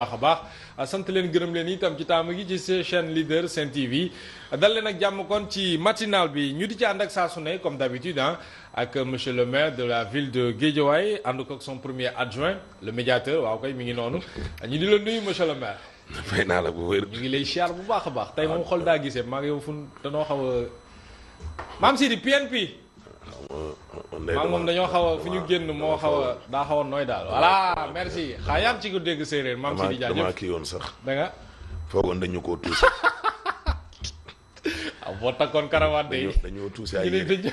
baax a baax ah, sant leen gërëm leen itam ci taamu gi ci seen chaîne leader Sen TV dal leen ak jàmm kon ci matinal bi ñu di ci ànd ak saa su ne comme d'habitude ah ak monsieur le maire de la ville de Guédiawaye ànd ko ak son premier adjoint le médiateur waaw koy mi ngi noonu ah, ñu di la nuyu monsieur le maire. fay naa la bu wér. ñu ngi lay siyaar bu baax a baax. tey moom ah. xol daa gisee maa ngi yow fu danoo xaw a. maam Sidi PNP. maa moom dañoo xaw a fu ñu génn moo xaw daa xaw nooy daal voilà merci xaa yaam ci ko dégg séeréer maam si di jaajëf damaa kii yoon sax da nga dañu koo tuusi waaw ah, boo takkoon karawaat dañoo tuusi ay yére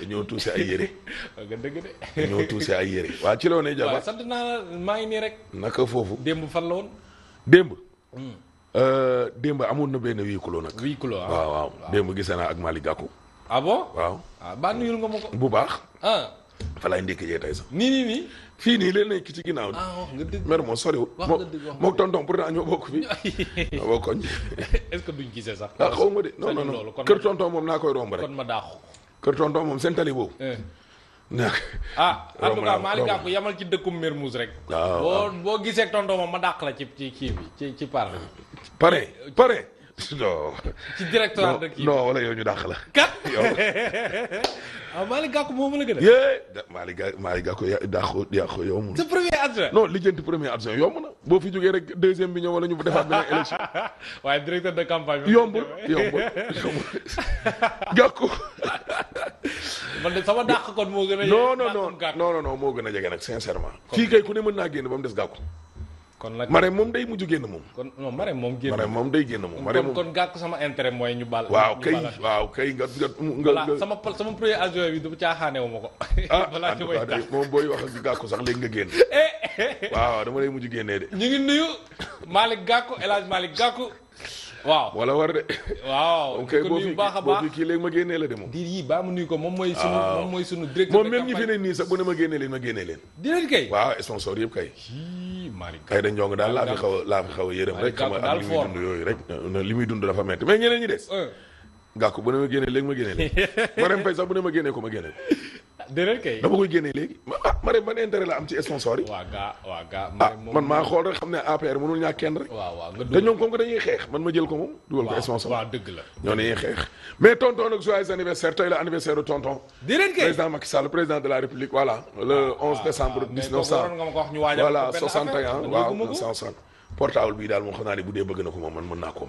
dañoo tuusi ay yére nga dëgg de dañoo tuusi yére waa ci loo ne jaba sant maa ngi nii rek naka foofu démb fan la woon démb hmm. euh, démb amoon na benn huis clos nag huis clos ah. waaw waaw démb gisee naa ak Malick Gakou abo ah bon waaw. ah baax nga ma ko. bu baax. ah. fa laay ndékki sax. nii fii nii leen nekk ci ginnaaw. ah wax nga dëgg mer moo soriwul. wax nga dëgg moom moom tonton pourtant ñoo bokk fii. boo ko duñ gisee sax. ah xaw kër tonton moom naa koy romb rek. kon ma daaxu. kër moom seen tali boobu. Eh. naa ah en tout cas Malick yamal ci dëkkum Mermoz rek. waaw boo boo gisee tonton moom ma dàq la ci ci kii bi ci ci pare. pare pare. non. ci directoire de kii non wala yow ñu dàq la. kat yow. ah Malick Gakou moo mën a gën a. yee Malick Malick Gakou yaa dàqu yàqu yow mun. sa premier adjoint. non lijjanti premier adjoint yomb na boo fi jógee rek deuxième bi ñëw wala ñu defaat beneen élection. waaye directeur de campagne. yombul yombul yombul Gakou. man de sama dàq kon moo gën a. moo gën a jege nag sincèrement. kii kay ku ne mën naa génn ba mu des Gakou. kon nag Marème moom day mujj génn moom. kon non Marème moom génn moom day génn moom. Marème moom kon kon gàkk sama intérêt mooy ñu baal. waaw waaw kay nga nga nga. sama ma ko. Ah, balaa ci may tax moom booy wax ak gàkku sax léegi nga génn. waaw dama lay mujj génnee de. ñu ngi nuyu Malick Gàkku El wala war de. waaw kii léegi ma génnee la de moom. di yii baa mu ko moom mooy. sunu moom mooy sunu directeur de campagne moom même nii sax bu ne ma génnee leen ma génnee leen. di leen kay. waaw sponsor yëpp kay. Kayda Njong daal laa fi xaw a xaw a yërëm rek xam nga ak li yooyu rek li muy dund dafa metti mais ñeneen ñi des euh. gàkku bu ne ma génnee léegi ma génnee leen Marème Faye sax bu ne ma génnee ko ma génnee déedéet kay dama koy génnee léegi ah Marème ban intérêt la am ci sponsor yi. waa gaa ah, man maa xool rek xam ne APR mënul ñàkk kenn rek. waaw waaw nga dugg te ñoom comme que dañuy xeex man ma jël ko moom. dugal ko sponsor waaw dëgg la. ñoo dañuy xeex mais tonton nag joyeux anniversaire tey la anniversaire tonton. déedéet kay président Macky Sall président de la République voilà. le 11 ah, ah, décembre 1900 voilà 61 waaw 1960 portable bi daal moom xam naa ne bu dee bëgg na ko moom man mën naa koo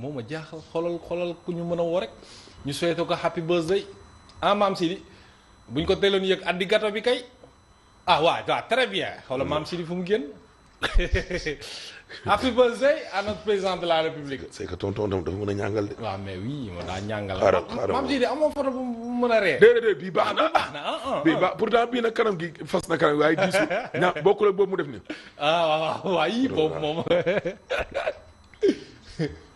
moo ma jaaxal xolal xolal ku ñu mën a woo ñu souhaité ko happy birthday ah maam Sidi buñ ko teeloon yëg addi gato bi kay ah waaw waaw très bien xoola maam Sidi fu mu génn happy birthday à notre président de la république. c'est que tonton dafa mën a ñàngal de. waaw mais oui ma daa ñàngal. xaaral xaaral maam Sidi amoo photo bu mu mën a ree. déedéet bii baax na ah, baax na ah, ah, bii baax pourtant kanam gi fas na kanam waaye diisu ña bokkul ak boobu mu def nii. ah waaw waaw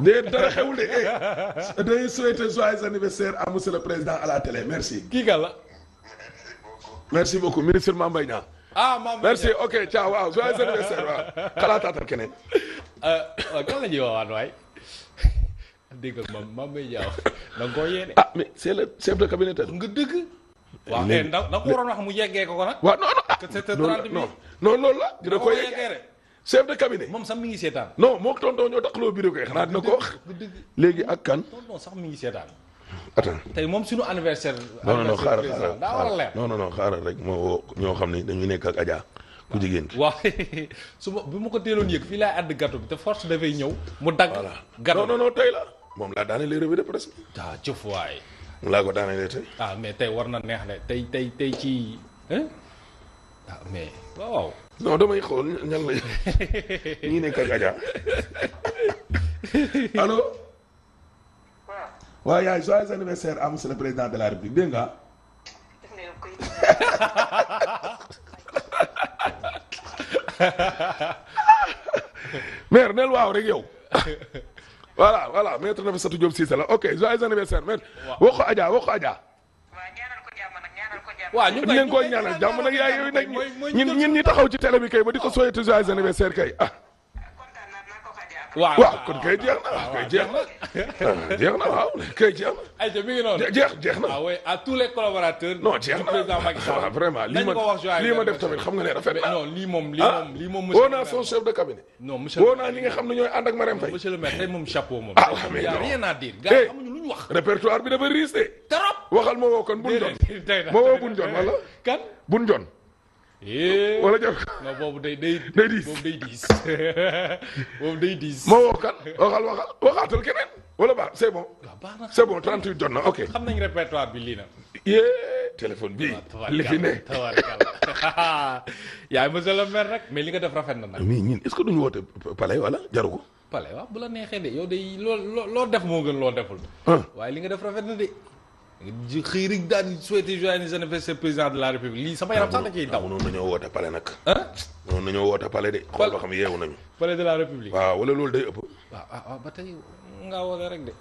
de dara xewul de eh, dañuy souhaiter joyeux anniversaire à monsieur président à la télé merci. kii kan la. merci beaucoup ministre Mame Mbaye ah, merci ok ciao waaw joyeux anniversaire waaw xalaataatal keneen. Euh, waaw kan la waay. dégg nga Mame Mbaye Niang ah mais c'est le cabinet nga dëgg. waaw mais da nga wax mu yeggee ko ko nag. waaw non ah, la dina ko yeggee chef de cabinet moom sax mi ngi seetaan. non moom tonton ñoo taxuloo bureau kay xanaa dina ko wax. léegi ak kan. sax mi ngi seetaan. attends tey moom suñu anniversaire. non non xaaral xaaral a leer rek moo woo ñoo xam ne dañu nekk ak Adja. ku jigéen ki waaw su ma bi mu ko teeloon yëg fii laay àdd gâteau bi te force dafay ñëw. mu dagg gâteau non non non tey la. moom laa daanelee revue de presse. ah jëf waay. laa ko daanelee tey. Ah, mais tey war na neex ne tey tey tey ci ah waaw. non damay xool ñan la ñii nekk ak Adja allo. waaw yaay anniversaire à le président de la république dégg maire nel waaw rek yow voilà voilà maître Nafissatou Diop Cissé la ok joyeux anniversaire maître wax ko Adja wax waaw ñu ngi ko ñaanal jàmm nag yaay yooyu nag ñun ñun ñi taxaw ci télé bi kay ba di ko souhaité joyeux anniversaire kay ah. waaw waaw kon kay jeex na jeex na jeex na waaw kay jeex na. na. waaw ah à tous les collaborateurs. non jeex na président Macky Sall ah, lii ma def tamit xam nga ne rafet na. non lii moom lii ah, moom lii moom. woo naa son chef de cabinet. woo naa ñi nga xam ne ñooy ànd ak Marème Faye. ah waaw a rien à eh, bi dafa riche waxal ma woo kon bun jon ma woo bun jon wala kan bun jon eh. wala jël non boobu day day day diis boobu day diis moo day diis ma woo kan waxal waxal waxaatal keneen wala baax c'est bon ah, c'est bon 38 jot na ok xam nañ répertoire bi lii na yee téléphone bii li fi ne yaay monsieur le maire rek mais li nga def rafet na nag mais ñun est-ce que duñu woote palais wala jaru ko palais waaw bu la neexee de yow de loo loo def moo gën loo deful ah. waaye li nga def rafet na de xëy rek daan souhaité joyeux anniversaire président de la république lii sama yaram sax da ciy daw. mënoon nañoo woote pale nag. ah mënoon nañoo woote pale de. xam yeewu nañu. pale de la république. waaw wala loolu day ëpp. waaw ah waaw ah, ah, ba tey nga woote rek de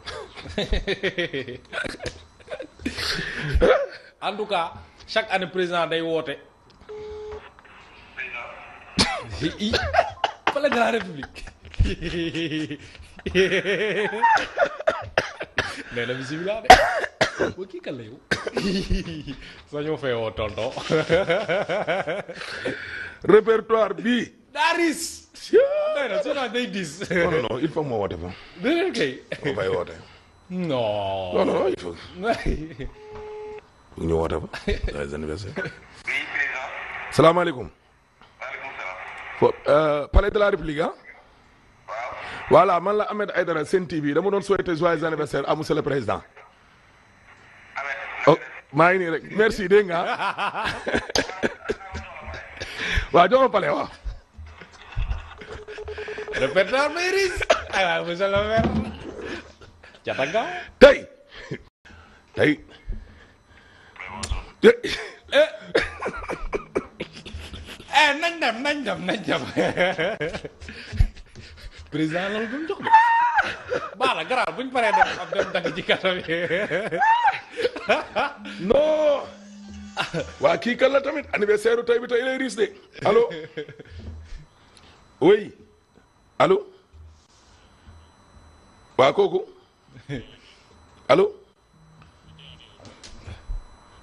en tout cas chaque année président day woote. pale de la république. nee na bisimilah de ba kii kan la yow sañoo fee woo tonton répertoire bii daa riis nee na su non non il faut moo woote fa déedéet kay woote non non non il faut ñu woote fa joyeux anniversaire salaamaaleykum waaleykum salaam euh, palais de la république ah? voilà man la Ahmed Aïdara Sen TV dama doon souhaiter joyeux anniversaire à monsieur le président. oh maa ngi nii rek merci dégg nga waaw jox ma pale waaw. répertoire Mayris aywa ah, monsieur le maire. jatanga tey tey. Eh, nañ dem nañ dem nañ dem. président loolu duñ jox de. baax na buñ paree dem ab dem dagg ci kaso waa kii kan la tamit anniversaire tey bi tey lay riis de allo. oui allo. waa kooku allo.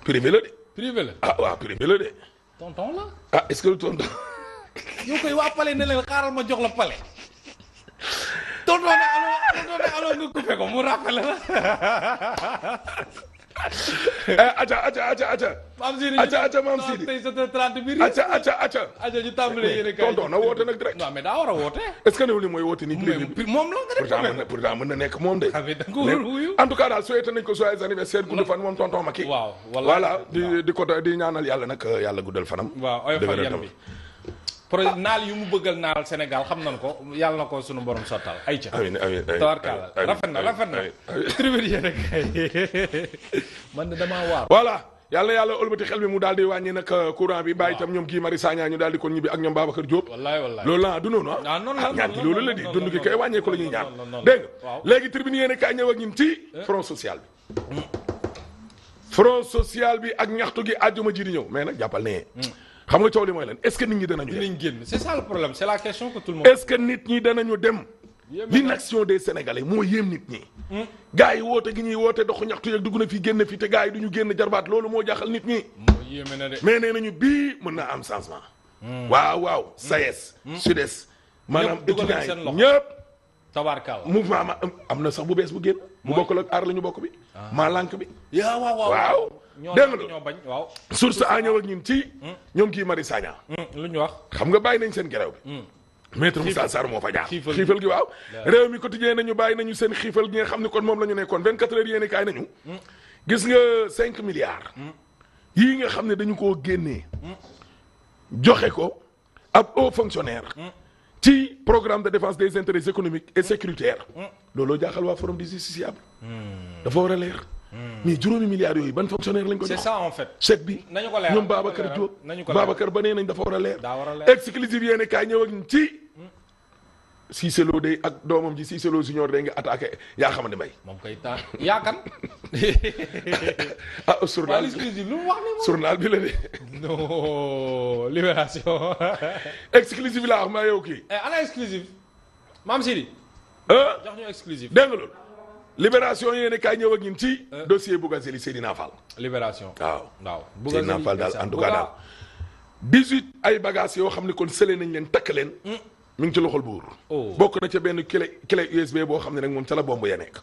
privé la de. privé la ah waaw privé la de. tonton la. ah est-ce que lu tonton. koy waa Palais ne leen xaaral ma jox la Palais. tonton ne mu rappelé la. aca aca aca aca. maam Sidi aca aca maam tonton na woote direct. non a woote. est ce que néew li mooy woote nii. moom la nga na nekk moom de. Ah, en tout cas daal souhaité nañ ko joyeux anniversaire gudd fan moom tonton Macky. waaw di di ko di ñaanal yàlla nag yàlla guddal fanam. waaw oyof ak projet naal yu mu bëggal naal Sénégal xam nañ ko yàlla na ko sunu borom sottal ay ca amiin amiin tawarkalla rafet na rafet na tribune yi rek man damaa waar voilà yàlla yàlla ëlbati xel bi mu daal di wàññi nag euh, courant bi bàyyi itam ñoom kii Mari Sagna ñu daal di kon ñibbi ak ñoom Babacar Diop wallaay wallaay loolu la du noonu ah ñaan ah, gi loolu la di dund gi kay wàññeeku la ñuy ñaan dégg nga léegi tribune yéen kaay ñëw ak ñun ci eh? front social bi front social bi ak ñaxtu gi àjjuma ji ñëw mais jàppal xam nga coow li mooy lan est-ce que nit ñi danañu dem dinañ génn c'est ça le moo yéem nit ñi. gars yi woote gi ñuy woote dox ñaxtu yeeg dugg na fi génn fii te gars yi du ñu génn jarbaat loolu moo jaaxal nit ñi. moo yéeme na de. mais nee nañu bii mën naa am changement. waaw waaw SAES. SUDES. maanaam étudiants yi ñëpp tabarkaaw mouvement ma am na sax bu bees bu génn. bu bokkul ak aar la ñu bokk bi. Ah. maa lànk bi. waaw. dégg nga bañ waaw source a ñëw ak ñun ci ñoom kii Mari Sagna hmm, lu ñu wax xam nga bàyyi nañ seen grève bi hmm. maître Moussa Sarr moo fa jaar xiifal gi waaw réew mi quotidien nañu bàyyi nañu seen xiifal gi nga xam ne kon moom la ñu nekkoon 24 heures yéeni kaay nañu hmm. gis nga cinq milliards yii nga xam ne dañu koo génnee joxe ko ab haut fonctionnaire ci programme de défense des intérêts économiques et sécuritaires looloo jaaxal waa forum des justiciables dafa war a Hmm. mais juróomi milliards yooyu ban fonctionnaire lañ ko jox. c'est ça en fait. chèque bi ñoom Babacar Diop Babacar ba nee dafa war a leer. daa war a leer exclusive yéen kaay ñëw ak ci. Hmm. Cissé Lo de ak doomam ji Cissé Lo Junior de nga attaqué yaa xamante may. moom kay taa yaa kan. ah journal bi la de. non libération. exclusive laa wax maa yow kii. Eh, ana exclusive. maam Sidi. jox ñu libération yéen kaay ñëw ak ñun ci. Euh. dossier Bougazelli Seydina Fall. libération waaw. waaw Seydina Fall daal en tout cas daal. 18 ay bagages yoo xam ne kon sële nañ leen takk leen. Mm. mi ngi ci loxol buur. Oh. bokk na ca benn clé clé USB boo xam ne nag moom ca la bomb ya nekk.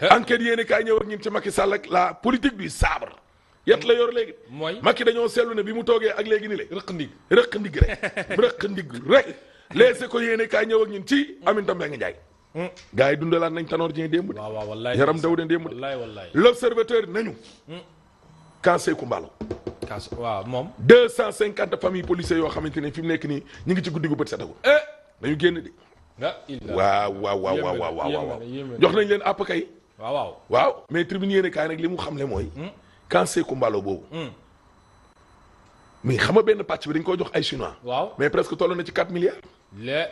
Eh. enquête yéen kaay ñëw ak ñun ci makki Sall ak la politique du sabre. yat la yor léegi. mooy Macky dañoo seetlu ne bi mu toogee ak léegi ni le. rëq ndig rëq ndig rek. rëq ndig rek. léegi ko yéen kaay ñëw ak ñun ci Aminata Mbengue Ndiaye. Hmm. gars yi dundalaat nañ Tanor Dieng démb de. waaw waaw wallaay yaram daw de démb de. wallaay wallaay nañu. Hmm. Kan Sékou Mballo. Kan waaw moom. deux cent cinquante familles policiers yoo xamante ni fi mu nekk nii ñu ngi ci guddi gu bët setagul. dañu eh! génn de. waaw waaw waaw waaw jox nañ leen àpp kay. waaw waaw waaw mais tribune yéene kaay nag li mu xamle mooy. Hmm. Kan Sékou Mballo boobu. mais xam nga benn pàcc bi dañ koo jox ay chinois. waaw mais presque toll na ci 4 milliards.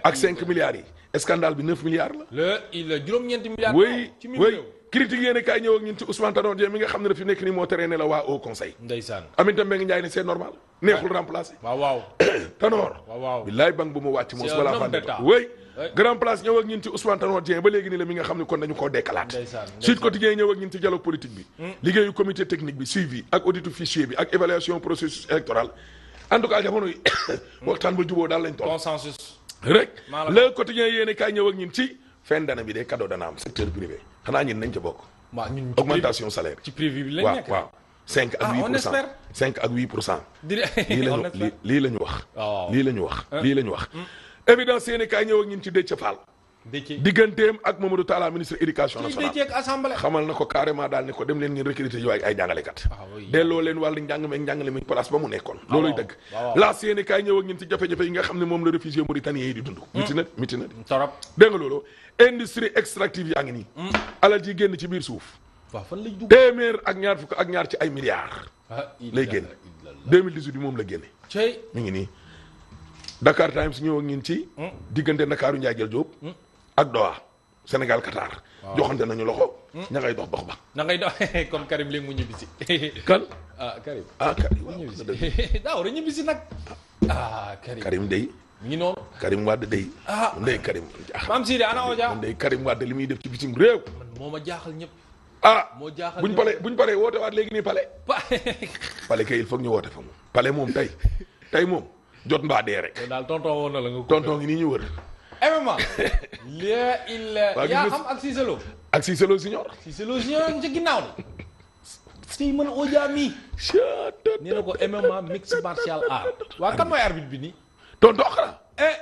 ak 5 milliards yi scandale bi 9 milliards la. il a juróom-ñeenti milliards. ci mille oui oui critique yéen kaay ñëw ak ñun ci Ousmane Tanor nga xam ne fi nekk nii moo teree ne la waa au conseil. ndeysaan Aminata Mbengue Ndiaye ne c'est normal. neexul ah. remplacer. waaw waaw Tanor. waaw waaw billaay banque bu mu wàcc moom. wala nga xam ne kon dañu koo dekkalaat. ndeysaan Sud Quotidien ñëw dialogue politique bi. Hmm. liggéeyu comité technique bi suivi ak auditu fichier bi ak évaluation processus électoral en tout waxtaan ba juboo daal rek le quotidien yéen kaay ñëw ak ñun ci fin d'année bi de cadeau dana am secteur privé xanaa ñun nañ ca bokk augmentation salaire ci waaw cinq ah, huit pour cent cinq ak huit pour cent lii lañu lii la ñu wax oh. lii la ñu wax lii la ñu wax évidence hmm. yéen kaay ñëw ak ci Déthié Fall digganteem ak Mamadou Talla ministre éducation nationale xamal na ko carrément daal ne ko dem leen ngeen recruter yu ay ay jàngalekat ah delloo leen wàllu njàng meeg njàngale mi place ba mu nekkoon ah looluy dëgg ah ci yi nga xam ne moom la réfugié mauritanien yi di dund hmm. miti na miti na torop industrie extractive yaa ngi nii hmm. alal ji génn ci biir suuf téeméer ak ñaar fukk ak ñaar ci ay milliards lay génn 2018 bi moom la génne mi ngi nii Dakar Times ñëw ak ñun ci hmm. diggante Ndakaaru Njaay ak Doha Sénégal Qatar. joxante nañu loxo. Hmm? ña ngay dox dox ba. na ngay dox comme Karim léegi mu ñibbisi. kan ah Karim. ah Karim waaw wax dëgg daaw rek ñibbisi nag. ah Karim Karim dey. mi ngi noonu Karim Wade dey. ah ndey Karim. maam Sidi ana Oja ndey Karim Wade li muy def ci bitim réew. moom a ma jaaxal ñëpp. ah moo jaaxal buñ pale buñ paree woote waat léegi nii pale. pale kay il faut ñu woote fa moom. pale moom tey tey moom jot mbaa dee rek. daal tonton woon na la nga. tonton ngi nii ñu wër. MMA. lee il yaa xam ak Cissé Lo. ak Cissé Lo Junior. Cissé Lo Junior ci ginnaaw li si mën Oja mii. nee ko MMA mixed martial art. waa kan mooy arbitre bi nii. tonton xanaa. eh.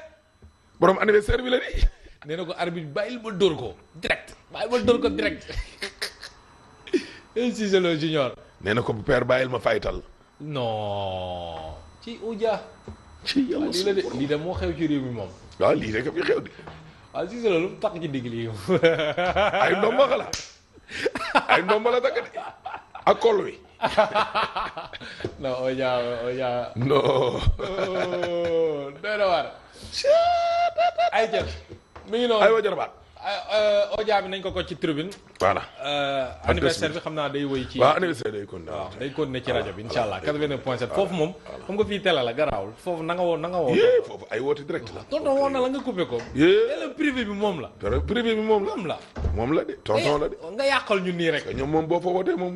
borom anniversaire bi la nii. nee ko arbitre bàyyil ma dóor ko direct bàyyil ma ko direct. eh Cissé Lo Junior. nee ko bu père bàyyil ma faytal. non. ci Oja. lii de moo xew ci mi moom. waaw lii rek fi xew de. waaw si sa loolu tax ci digg lii. ay ndomba xalaat ay ndomba la takk de ak koll wi. non on dirait on dirait. non. Oh, doy na waar. ay jël mi ngi ay wa jarbaat. Ah, euh, audio bi nañ ko ko ci tribune. voilà euh, anniversaire bi xam naa day woy ci. waa anniversaire day continué. waaw ci rajo bi incha allah 89.7 foofu moom. comme que fii télé la garaawul foofu na nga woo na nga woo. foofu ay woote direct la. tonton woon na la nga coupé ko. yéen privé bi moom la. dara privé bi moom la moom la. moom la de tonton eh, la de. nga yàqal ñu nii rek. ñoom moom boo fa wootee moom.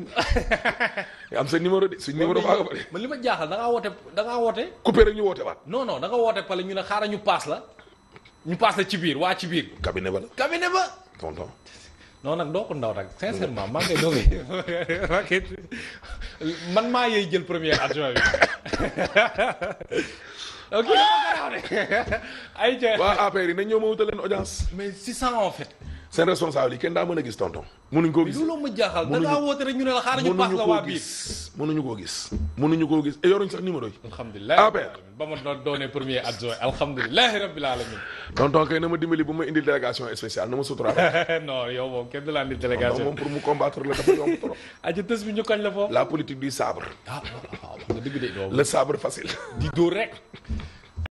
am sa numéro de su numéro baa nga fa de. man li ma jaaxal da ngaa woote da ngaa woote. coupé rek woote waat. non non woote pale ñu ne xaaral ñu paas la ñu passé ci biir waa ci biir. cabinet ba la cabinet ba. tonton. non nag ndaw nag sincèrement maa ngi koy doogay man maa yey jël premier adjoint bi. ok. waa APR yi nañ ñëw ma wutal audience. mais c'est ça en seen responsable yi kenn daa mën a gis tonton. mënuñ koo gis ñu mënuñu koo gis mënuñu koo gis et yoruñ sax numéro yi. alhamdulilah APR ba ma doon doonee premier adjoint alhamdulilah kay na ma dimbali bu ma indil délégation spéciale na ma sutura. non yow moom kenn du la délégation moom pour mu combattre la dafa yomb trop. aja tës bi ñu la foofu. la politique du sabre. Ah, facile. di dóor rek.